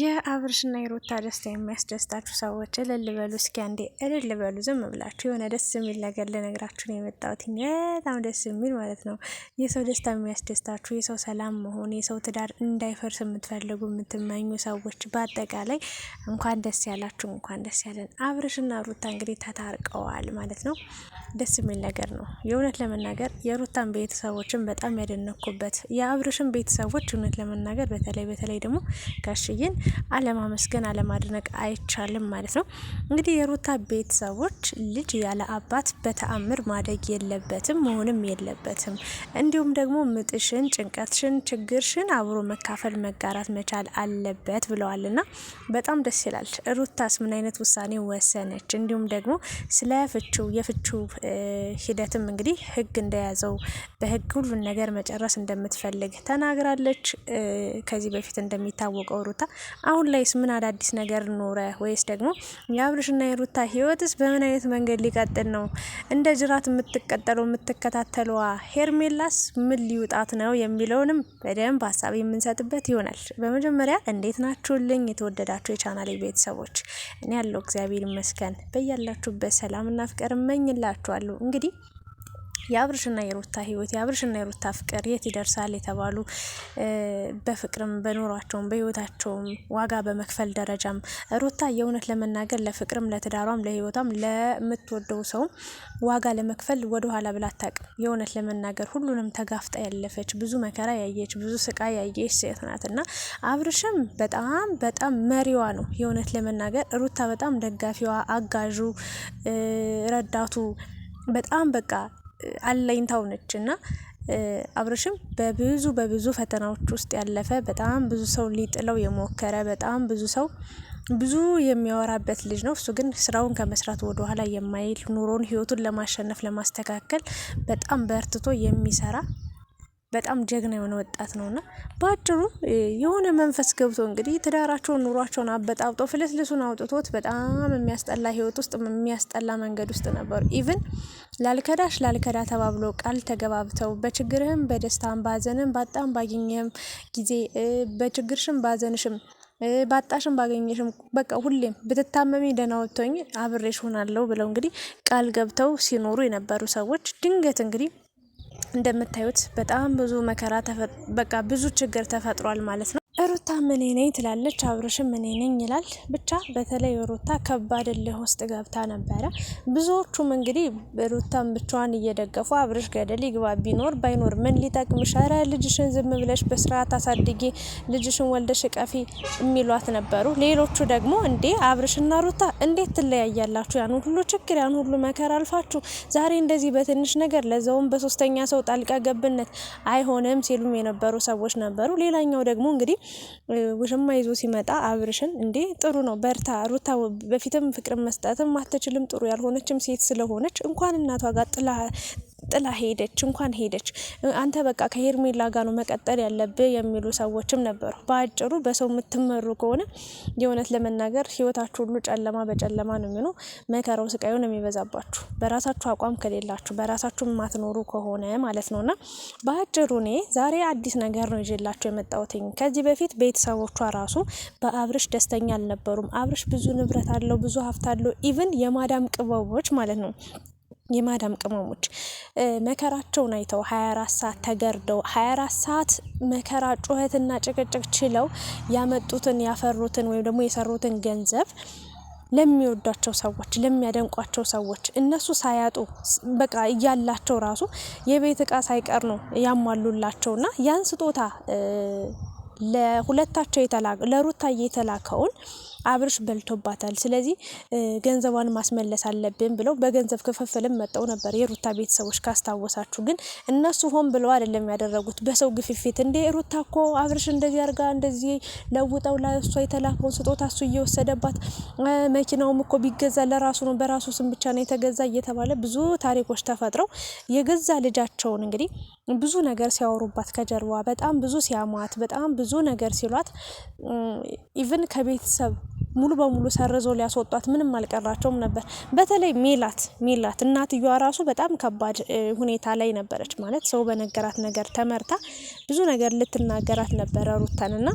የአብርሽና የሩታ ደስታ የሚያስደስታችሁ ሰዎች እልል በሉ እስኪ አንዴ እልል በሉ። ዝም ብላችሁ የሆነ ደስ የሚል ነገር ልነግራችሁ ነው የመጣሁት። በጣም ደስ የሚል ማለት ነው። የሰው ደስታ የሚያስደስታችሁ፣ የሰው ሰላም መሆን፣ የሰው ትዳር እንዳይፈርስ የምትፈልጉ የምትመኙ ሰዎች በአጠቃላይ እንኳን ደስ ያላችሁ፣ እንኳን ደስ ያለን። አብርሽና ሩታ እንግዲህ ተታርቀዋል ማለት ነው። ደስ የሚል ነገር ነው። የእውነት ለመናገር የሩታን ቤተሰቦችን በጣም ያደነኩበት የአብርሽን ቤተሰቦች እውነት ለመናገር በተለይ በተለይ ደግሞ ጋሽዬን አለማመስገን አለማድነቅ አይቻልም ማለት ነው። እንግዲህ የሩታ ቤተሰቦች ልጅ ያለ አባት በተአምር ማደግ የለበትም መሆንም የለበትም። እንዲሁም ደግሞ ምጥሽን፣ ጭንቀትሽን፣ ችግርሽን አብሮ መካፈል መጋራት መቻል አለበት ብለዋልና በጣም ደስ ይላል። ሩታስ ምን አይነት ውሳኔ ወሰነች? እንዲሁም ደግሞ ስለ ፍቹ የፍቹ ሂደትም እንግዲህ ህግ እንደያዘው በህግ ሁሉን ነገር መጨረስ እንደምትፈልግ ተናግራለች። ከዚህ በፊት እንደሚታወቀው ሩታ አሁን ላይስ ምን አዳዲስ ነገር ኖረ? ወይስ ደግሞ የአብርሽና የሩታ ህይወትስ በምን አይነት መንገድ ሊቀጥል ነው? እንደ ጅራት የምትቀጠለው የምትከታተለዋ ሄርሜላስ ምን ሊውጣት ነው የሚለውንም በደንብ ሀሳብ የምንሰጥበት ይሆናል። በመጀመሪያ እንዴት ናችሁልኝ የተወደዳችሁ የቻናሌ ቤተሰቦች? እኔ ያለው እግዚአብሔር ይመስገን። በያላችሁበት ሰላምና ፍቅር እመኝላችኋለሁ። እንግዲህ የአብርሽና የሩታ ህይወት የአብርሽና የሩታ ፍቅር የት ይደርሳል የተባሉ በፍቅርም በኑሯቸውም በህይወታቸውም ዋጋ በመክፈል ደረጃም ሩታ የእውነት ለመናገር ለፍቅርም ለትዳሯም ለህይወቷም ለምትወደው ሰው ዋጋ ለመክፈል ወደኋላ ብላ አታውቅም። የእውነት ለመናገር ሁሉንም ተጋፍጣ ያለፈች ብዙ መከራ ያየች ብዙ ስቃይ ያየች ሴት ናት እና አብርሽም በጣም በጣም መሪዋ ነው። የእውነት ለመናገር ሩታ በጣም ደጋፊዋ፣ አጋዡ፣ ረዳቱ በጣም በቃ አለኝታው ነች እና አብርሽም በብዙ በብዙ ፈተናዎች ውስጥ ያለፈ በጣም ብዙ ሰው ሊጥለው የሞከረ በጣም ብዙ ሰው ብዙ የሚያወራበት ልጅ ነው። እሱ ግን ስራውን ከመስራት ወደ ኋላ የማይል ኑሮን ህይወቱን ለማሸነፍ ለማስተካከል በጣም በርትቶ የሚሰራ በጣም ጀግና የሆነ ወጣት ነው እና በአጭሩ የሆነ መንፈስ ገብቶ እንግዲህ ትዳራቸውን ኑሯቸውን አበጣብጦ ፍልስልሱን አውጥቶት በጣም የሚያስጠላ ህይወት ውስጥ የሚያስጠላ መንገድ ውስጥ ነበሩ። ኢቭን ላልከዳሽ ላልከዳ ተባብሎ ቃል ተገባብተው በችግርህም በደስታም ባዘንም ባጣም ባገኘህም ጊዜ በችግርሽም ባዘንሽም ባጣሽም ባገኘሽም በቃ ሁሌም ብትታመሚ ደህና ወጥቶኝ አብሬሽ ሆናለሁ ብለው እንግዲህ ቃል ገብተው ሲኖሩ የነበሩ ሰዎች ድንገት እንግዲህ እንደምታዩት በጣም ብዙ መከራ በቃ ብዙ ችግር ተፈጥሯል ማለት ነው። ሩታ ምን ነኝ ትላለች፣ አብርሽም ምን ነኝ ይላል። ብቻ በተለይ ሩታ ከባድ እልህ ውስጥ ገብታ ነበረ። ብዙዎቹም እንግዲህ ሩታን ብቻዋን እየደገፉ አብርሽ ገደል ይግባ፣ ቢኖር ባይኖር ምን ሊጠቅምሽ፣ ኧረ ልጅሽን ዝም ብለሽ በስርዓት አሳድጊ፣ ልጅሽን ወልደሽ እቀፊ የሚሏት ነበሩ። ሌሎቹ ደግሞ እንዴ አብርሽና ሩታ እንዴት ትለያያላችሁ? ያን ሁሉ ችግር፣ ያን ሁሉ መከራ አልፋችሁ ዛሬ እንደዚህ በትንሽ ነገር ለዛውም በሶስተኛ ሰው ጣልቃ ገብነት አይሆንም ሲሉም የነበሩ ሰዎች ነበሩ። ሌላኛው ደግሞ እንግዲህ ውሽማ ይዞ ሲመጣ አብርሽን እንዴ ጥሩ ነው በርታ፣ ሩታ በፊትም ፍቅርን መስጠትም አትችልም ጥሩ ያልሆነችም ሴት ስለሆነች እንኳን እናቷ ጋር ጥላ ጥላ ሄደች። እንኳን ሄደች አንተ በቃ ከሄርሜላ ጋር ነው መቀጠል ያለብህ የሚሉ ሰዎችም ነበሩ። በአጭሩ በሰው የምትመሩ ከሆነ የእውነት ለመናገር ህይወታችሁ ሁሉ ጨለማ በጨለማ ነው የሚሆነው። መከራው ስቃዩ ነው የሚበዛባችሁ፣ በራሳችሁ አቋም ከሌላችሁ፣ በራሳችሁ የማትኖሩ ከሆነ ማለት እና በአጭሩ እኔ ዛሬ አዲስ ነገር ነው ይዤላችሁ የመጣሁትኝ። ከዚህ በፊት ቤተሰቦቿ ራሱ በአብርሽ ደስተኛ አልነበሩም። አብርሽ ብዙ ንብረት አለው፣ ብዙ ሀብት አለው። ኢቭን የማዳም ቅበቦች ማለት ነው የማዳም ቅመሞች መከራቸውን አይተው 24 ሰዓት ተገርደው 24 ሰዓት መከራ ጩኸትና ጭቅጭቅ ችለው ያመጡትን ያፈሩትን ወይም ደግሞ የሰሩትን ገንዘብ ለሚወዷቸው ሰዎች ለሚያደንቋቸው ሰዎች እነሱ ሳያጡ በቃ እያላቸው ራሱ የቤት እቃ ሳይቀር ነው ያሟሉላቸውና ያን ስጦታ ለሁለታቸው ለሩታዬ የተላከውን አብርሽ በልቶባታል፣ ስለዚህ ገንዘቧን ማስመለስ አለብን ብለው በገንዘብ ክፍፍልም መጠው ነበር የሩታ ቤተሰቦች ካስታወሳችሁ። ግን እነሱ ሆን ብለው አይደለም ያደረጉት፣ በሰው ግፊፊት እንዴ ሩታ እኮ አብርሽ እንደዚህ አርጋ እንደዚህ ለውጠው ለእሷ የተላከውን ስጦታ እሱ እየወሰደባት መኪናውም እኮ ቢገዛ ለራሱ ነው በራሱ ስም ብቻ ነው የተገዛ እየተባለ ብዙ ታሪኮች ተፈጥረው የገዛ ልጃቸውን እንግዲህ ብዙ ነገር ሲያወሩባት ከጀርባ በጣም ብዙ ሲያማት በጣም ብዙ ነገር ሲሏት ኢቭን ከቤተሰብ ሙሉ በሙሉ ሰርዘው ሊያስወጧት ምንም አልቀራቸውም ነበር። በተለይ ሜላት ሜላት እናትየዋ ራሱ በጣም ከባድ ሁኔታ ላይ ነበረች። ማለት ሰው በነገራት ነገር ተመርታ ብዙ ነገር ልትናገራት ነበረ ሩታን እና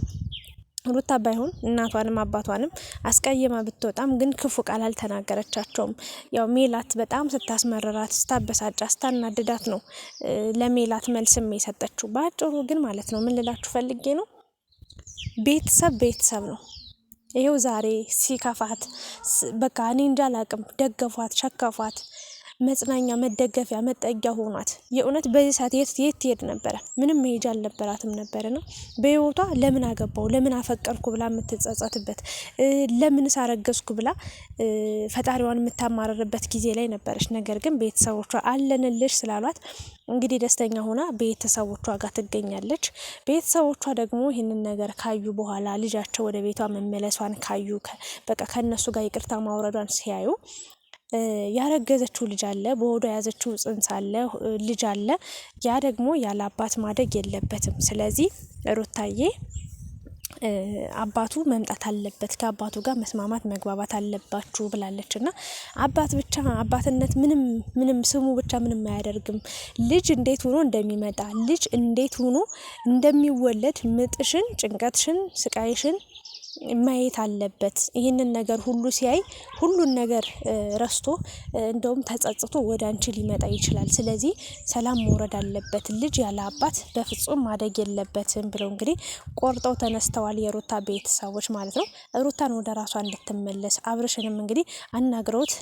ሩታ ባይሆን እናቷንም አባቷንም አስቀይማ ብትወጣም ግን ክፉ ቃል አልተናገረቻቸውም። ያው ሜላት በጣም ስታስመረራት፣ ስታበሳጫ፣ ስታናድዳት ነው ለሜላት መልስም የሰጠችው። በአጭሩ ግን ማለት ነው ምን ልላችሁ ፈልጌ ነው ቤተሰብ ቤተሰብ ነው። ይሄው ዛሬ ሲከፋት በቃ እኔ እንዳላቅም ደገፏት፣ ሸከፏት። መጽናኛ፣ መደገፊያ፣ መጠጊያ ሆኗት። የእውነት በዚህ ሰዓት የት የት ትሄድ ነበረ? ምንም መሄጃ አልነበራትም ነበርና በህይወቷ ለምን አገባው ለምን አፈቀርኩ ብላ የምትጸጸትበት ለምን ሳረገዝኩ ብላ ፈጣሪዋን የምታማረርበት ጊዜ ላይ ነበረች። ነገር ግን ቤተሰቦቿ አለንልሽ ስላሏት እንግዲህ ደስተኛ ሆና ቤተሰቦቿ ጋር ትገኛለች። ቤተሰቦቿ ደግሞ ይህንን ነገር ካዩ በኋላ ልጃቸው ወደ ቤቷ መመለሷን ካዩ በቃ ከእነሱ ጋር ይቅርታ ማውረዷን ሲያዩ ያረገዘችው ልጅ አለ፣ በሆዷ የያዘችው ጽንስ አለ ልጅ አለ። ያ ደግሞ ያለ አባት ማደግ የለበትም። ስለዚህ ሩታዬ አባቱ መምጣት አለበት፣ ከአባቱ ጋር መስማማት መግባባት አለባችሁ ብላለች። እና አባት ብቻ አባትነት ምንም ምንም ስሙ ብቻ ምንም አያደርግም። ልጅ እንዴት ሆኖ እንደሚመጣ ልጅ እንዴት ሆኖ እንደሚወለድ ምጥሽን፣ ጭንቀትሽን፣ ስቃይሽን ማየት አለበት። ይህንን ነገር ሁሉ ሲያይ ሁሉን ነገር ረስቶ እንደውም ተጸጽቶ ወደ አንቺ ሊመጣ ይችላል። ስለዚህ ሰላም መውረድ አለበት። ልጅ ያለ አባት በፍጹም ማደግ የለበትም ብለው እንግዲህ ቆርጠው ተነስተዋል የሩታ ቤተሰቦች ማለት ነው። ሩታን ወደ ራሷ እንድትመለስ አብርሽንም እንግዲህ አናግረውት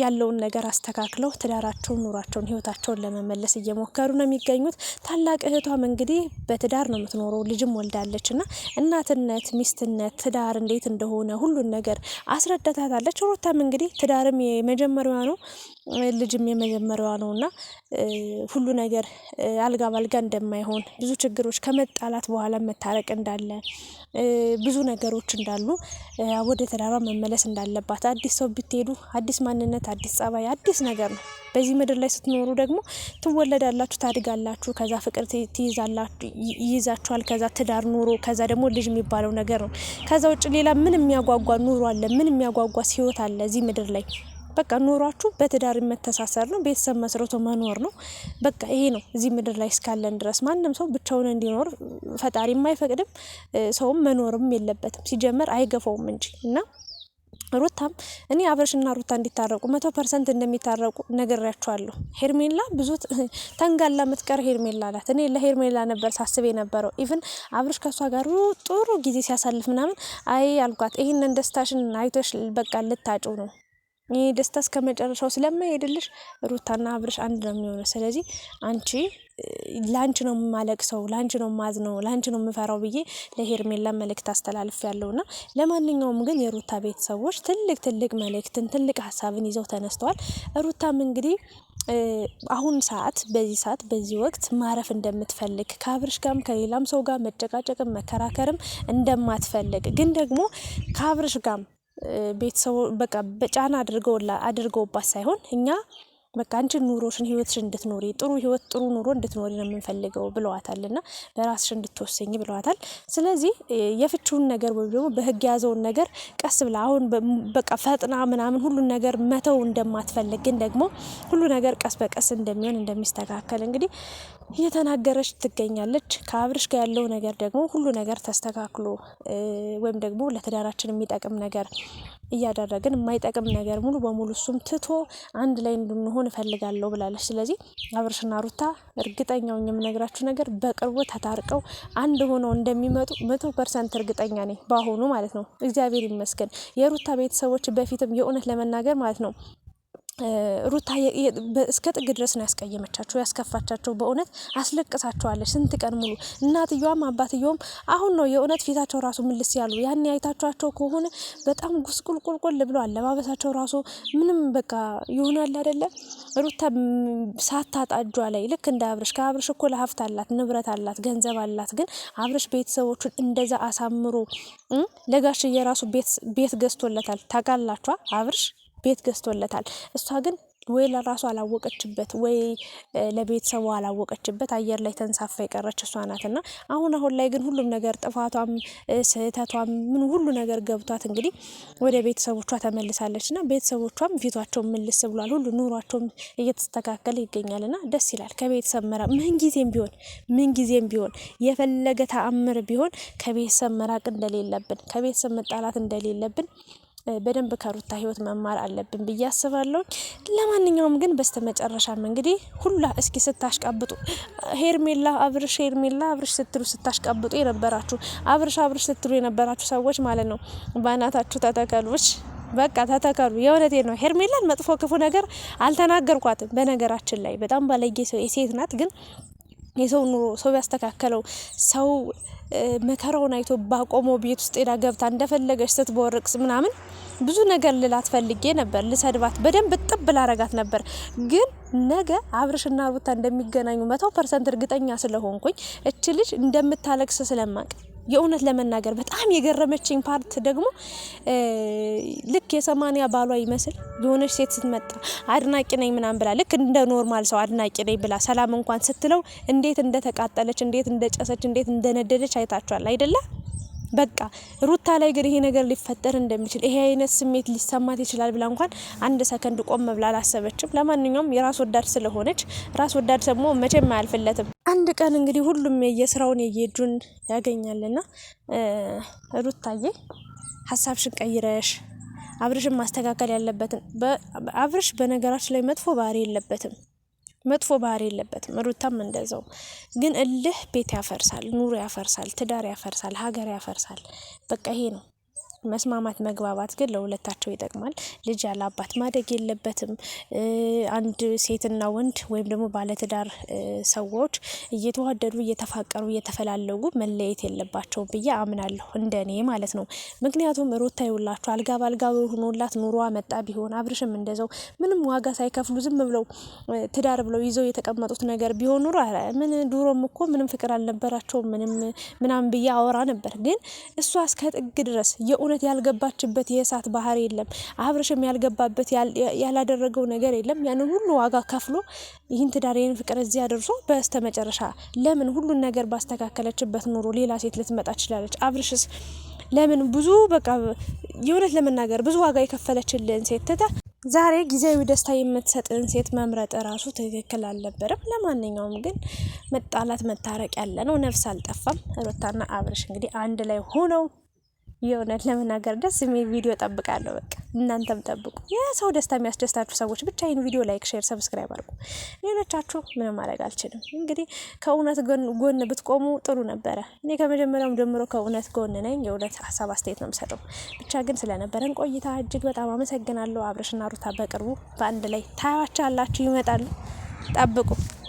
ያለውን ነገር አስተካክለው ትዳራቸውን፣ ኑሯቸውን፣ ህይወታቸውን ለመመለስ እየሞከሩ ነው የሚገኙት። ታላቅ እህቷም እንግዲህ በትዳር ነው የምትኖረው፣ ልጅም ወልዳለች እና እናትነት፣ ሚስትነት፣ ትዳር እንዴት እንደሆነ ሁሉን ነገር አስረዳታታለች። ሩታም እንግዲህ ትዳርም የመጀመሪያዋ ነው ልጅም የመጀመሪያዋ ነው እና ሁሉ ነገር አልጋ ባልጋ እንደማይሆን ብዙ ችግሮች ከመጣላት በኋላ መታረቅ እንዳለ ብዙ ነገሮች እንዳሉ ወደ ተዳሯ መመለስ እንዳለባት አዲስ ሰው ብትሄዱ አዲስ ማንነት፣ አዲስ ጸባይ፣ አዲስ ነገር ነው። በዚህ ምድር ላይ ስትኖሩ ደግሞ ትወለዳላችሁ፣ ታድጋላችሁ፣ ከዛ ፍቅር ይይዛችኋል፣ ከዛ ትዳር ኑሮ፣ ከዛ ደግሞ ልጅ የሚባለው ነገር ነው። ከዛ ውጭ ሌላ ምን የሚያጓጓ ኑሮ አለ? ምን የሚያጓጓ ህይወት አለ እዚህ ምድር ላይ? በቃ ኖሯችሁ በትዳር መተሳሰር ነው፣ ቤተሰብ መስርቶ መኖር ነው። በቃ ይሄ ነው እዚህ ምድር ላይ እስካለን ድረስ ማንም ሰው ብቻውን እንዲኖር ፈጣሪም አይፈቅድም፣ ሰውም መኖርም የለበትም ሲጀመር አይገፋውም እንጂ እና ሩታም እኔ አብርሽና ሩታ እንዲታረቁ መቶ ፐርሰንት እንደሚታረቁ ነግሬያቸዋለሁ። ሄርሜላ ብዙ ተንጋላ ምትቀር ሄርሜላ አላት እኔ ለሄርሜላ ነበር ሳስብ የነበረው። ኢቭን አብርሽ ከእሷ ጋር ጥሩ ጊዜ ሲያሳልፍ ምናምን አይ አልኳት፣ ይህንን ደስታሽን አይቶሽ በቃ ልታጭው ነው ይህ ደስታ እስከ መጨረሻው ስለማይሄድልሽ ሩታና አብርሽ አንድ ነው የሚሆነው። ስለዚህ አንቺ ለአንቺ ነው የማለቅሰው፣ ለአንቺ ነው ነው ለአንቺ ነው የምፈራው ብዬ ለሄርሜላ መልእክት አስተላልፍ ያለውና ለማንኛውም ግን የሩታ ቤተሰቦች ትልቅ ትልቅ መልእክትን ትልቅ ሀሳብን ይዘው ተነስተዋል። ሩታም እንግዲህ አሁን ሰዓት በዚህ ሰዓት በዚህ ወቅት ማረፍ እንደምትፈልግ ከአብርሽ ጋርም ከሌላም ሰው ጋር መጨቃጨቅም መከራከርም እንደማትፈልግ ግን ደግሞ ከአብርሽ ጋርም ቤተሰቡ በቃ በጫና አድርገውባት ሳይሆን እኛ በቃ አንቺ ኑሮሽን ህይወትሽን እንድትኖሪ ጥሩ ህይወት ጥሩ ኑሮ እንድትኖሪ ነው የምንፈልገው ብለዋታል እና በራስሽ እንድትወሰኝ ብለዋታል። ስለዚህ የፍቺውን ነገር ወይም ደግሞ በህግ የያዘውን ነገር ቀስ ብላ አሁን በቃ ፈጥና ምናምን ሁሉን ነገር መተው እንደማትፈልግ ግን ደግሞ ሁሉ ነገር ቀስ በቀስ እንደሚሆን እንደሚስተካከል እንግዲህ እየተናገረች ትገኛለች። ከአብርሽ ጋር ያለው ነገር ደግሞ ሁሉ ነገር ተስተካክሎ ወይም ደግሞ ለትዳራችን የሚጠቅም ነገር እያደረግን የማይጠቅም ነገር ሙሉ በሙሉ እሱም ትቶ አንድ ላይ እንድንሆን እፈልጋለሁ ብላለች። ስለዚህ አብርሽና ሩታ እርግጠኛው የምነግራችሁ ነገር በቅርቡ ተታርቀው አንድ ሆነው እንደሚመጡ መቶ ፐርሰንት እርግጠኛ ነኝ። በአሁኑ ማለት ነው። እግዚአብሔር ይመስገን የሩታ ቤተሰቦች በፊትም የእውነት ለመናገር ማለት ነው ሩታ እስከ ጥግ ድረስ ነው ያስቀየመቻቸው፣ ያስከፋቻቸው። በእውነት አስለቅሳቸዋለች ስንት ቀን ሙሉ። እናትየዋም አባትየውም አሁን ነው የእውነት ፊታቸው ራሱ ምልስ ያሉ። ያኔ አይታችኋቸው ከሆነ በጣም ጉስቁልቁልቁል ብሎ አለባበሳቸው ራሱ ምንም በቃ ይሆናል አይደለ? ሩታ ሳታጣ እጇ ላይ ልክ እንደ አብርሽ ከአብርሽ እኮ ለሀብት አላት፣ ንብረት አላት፣ ገንዘብ አላት። ግን አብርሽ ቤተሰቦቹን እንደዛ አሳምሮ ለጋሽ የራሱ ቤት ገዝቶለታል። ታውቃላችኋ አብርሽ ቤት ገዝቶለታል። እሷ ግን ወይ ለራሱ አላወቀችበት ወይ ለቤተሰቡ አላወቀችበት አየር ላይ ተንሳፋ የቀረች እሷ ናት። እና አሁን አሁን ላይ ግን ሁሉም ነገር ጥፋቷም ስህተቷም ምን ሁሉ ነገር ገብቷት እንግዲህ ወደ ቤተሰቦቿ ተመልሳለች። እና ቤተሰቦቿም ፊቷቸው ምልስ ብሏል። ሁሉ ኑሯቸውም እየተስተካከለ ይገኛል። እና ደስ ይላል። ከቤተሰብ መራቅ ምንጊዜም ቢሆን ምንጊዜም ቢሆን የፈለገ ተአምር ቢሆን ከቤተሰብ መራቅ እንደሌለብን ከቤተሰብ መጣላት እንደሌለብን በደንብ ከሩታ ህይወት መማር አለብን ብዬ አስባለሁ። ለማንኛውም ግን በስተመጨረሻም እንግዲህ ሁላ እስኪ ስታሽቃብጡ ሄርሜላ አብርሽ፣ ሄርሜላ አብርሽ ስትሉ ስታሽቃብጡ የነበራችሁ አብርሽ አብርሽ ስትሉ የነበራችሁ ሰዎች ማለት ነው ባናታችሁ ተተከሉች። በቃ ተተከሉ። የእውነቴ ነው። ሄርሜላን መጥፎ ክፉ ነገር አልተናገርኳትም። በነገራችን ላይ በጣም ባለጌ ሰው የሴት ናት ግን የሰው ኑሮ ሰው ያስተካከለው ሰው መከራውን አይቶ ባቆሞ ቤት ውስጥ ሄዳ ገብታ እንደፈለገች ስትቦርቅስ ምናምን ብዙ ነገር ልላት ፈልጌ ነበር። ልሰድባት በደንብ ጥብ ላረጋት ነበር ግን ነገ አብርሽና ሩታ እንደሚገናኙ መቶ ፐርሰንት እርግጠኛ ስለሆንኩኝ እች ልጅ እንደምታለቅስ ስለማቅ የእውነት ለመናገር በጣም የገረመችኝ ፓርት ደግሞ ልክ የሰማንያ ባሏ ይመስል የሆነች ሴት ስትመጣ አድናቂ ነኝ ምናምን ብላ ልክ እንደ ኖርማል ሰው አድናቂ ነኝ ብላ ሰላም እንኳን ስትለው እንዴት እንደተቃጠለች፣ እንዴት እንደጨሰች፣ እንዴት እንደነደደች አይታችኋል አይደለ? በቃ ሩታ ላይ ግን ይሄ ነገር ሊፈጠር እንደሚችል ይሄ አይነት ስሜት ሊሰማት ይችላል ብላ እንኳን አንድ ሰከንድ ቆም ብላ አላሰበችም። ለማንኛውም የራስ ወዳድ ስለሆነች ራስ ወዳድ ደግሞ መቼም አያልፍለትም። አንድ ቀን እንግዲህ ሁሉም የስራውን የየእጁን ያገኛልና ሩታዬ ሀሳብሽን ቀይረሽ አብርሽን ማስተካከል ያለበትን አብርሽ በነገራችን ላይ መጥፎ ባህሪ የለበትም መጥፎ ባህሪ የለበትም። ሩታም እንደዛው። ግን እልህ ቤት ያፈርሳል፣ ኑሮ ያፈርሳል፣ ትዳር ያፈርሳል፣ ሀገር ያፈርሳል። በቃ ይሄ ነው። መስማማት መግባባት ግን ለሁለታቸው ይጠቅማል። ልጅ ያለ አባት ማደግ የለበትም። አንድ ሴትና ወንድ ወይም ደግሞ ባለትዳር ሰዎች እየተዋደዱ እየተፋቀሩ እየተፈላለጉ መለየት የለባቸውም ብዬ አምናለሁ፣ እንደኔ ማለት ነው። ምክንያቱም ሩታ ይውላችሁ አልጋ ባልጋ ሆኖላት ኑሮ መጣ ቢሆን አብርሽም እንደዛው ምንም ዋጋ ሳይከፍሉ ዝም ብለው ትዳር ብለው ይዘው የተቀመጡት ነገር ቢሆን ኑሮ ምን ዱሮም እኮ ምንም ፍቅር አልነበራቸውም ምንም ምናምን ብዬ አወራ ነበር። ግን እሷ እስከ ጥግ ድረስ የእውነ እውነት ያልገባችበት የእሳት ባህር የለም። አብርሽም ያልገባበት ያላደረገው ነገር የለም። ያንን ሁሉ ዋጋ ከፍሎ ይህን ትዳር ይህን ፍቅር እዚህ አድርሶ በስተ መጨረሻ ለምን ሁሉን ነገር ባስተካከለችበት ኑሮ ሌላ ሴት ልትመጣ ትችላለች? አብርሽስ ለምን ብዙ በቃ የእውነት ለመናገር ብዙ ዋጋ የከፈለችልን ሴት ትተ ዛሬ ጊዜያዊ ደስታ የምትሰጥን ሴት መምረጥ ራሱ ትክክል አልነበረም። ለማንኛውም ግን መጣላት መታረቅ ያለ ነው። ነፍስ አልጠፋም። ሩታና አብርሽ እንግዲህ አንድ ላይ ሆነው የእውነት ለመናገር ደስ የሚል ቪዲዮ ጠብቃለሁ። በቃ እናንተም ጠብቁ። የሰው ደስታ የሚያስደስታችሁ ሰዎች ብቻ ይህን ቪዲዮ ላይክ፣ ሼር፣ ሰብስክራይብ አድርጉ። ሌሎቻችሁ ምንም ማድረግ አልችልም። እንግዲህ ከእውነት ጎን ብትቆሙ ጥሩ ነበረ። እኔ ከመጀመሪያውም ጀምሮ ከእውነት ጎን ነኝ። የእውነት ሀሳብ አስተያየት ነው የምሰጠው። ብቻ ግን ስለነበረን ቆይታ እጅግ በጣም አመሰግናለሁ። አብረሽና ሩታ በቅርቡ በአንድ ላይ አላችሁ ይመጣሉ። ጠብቁ።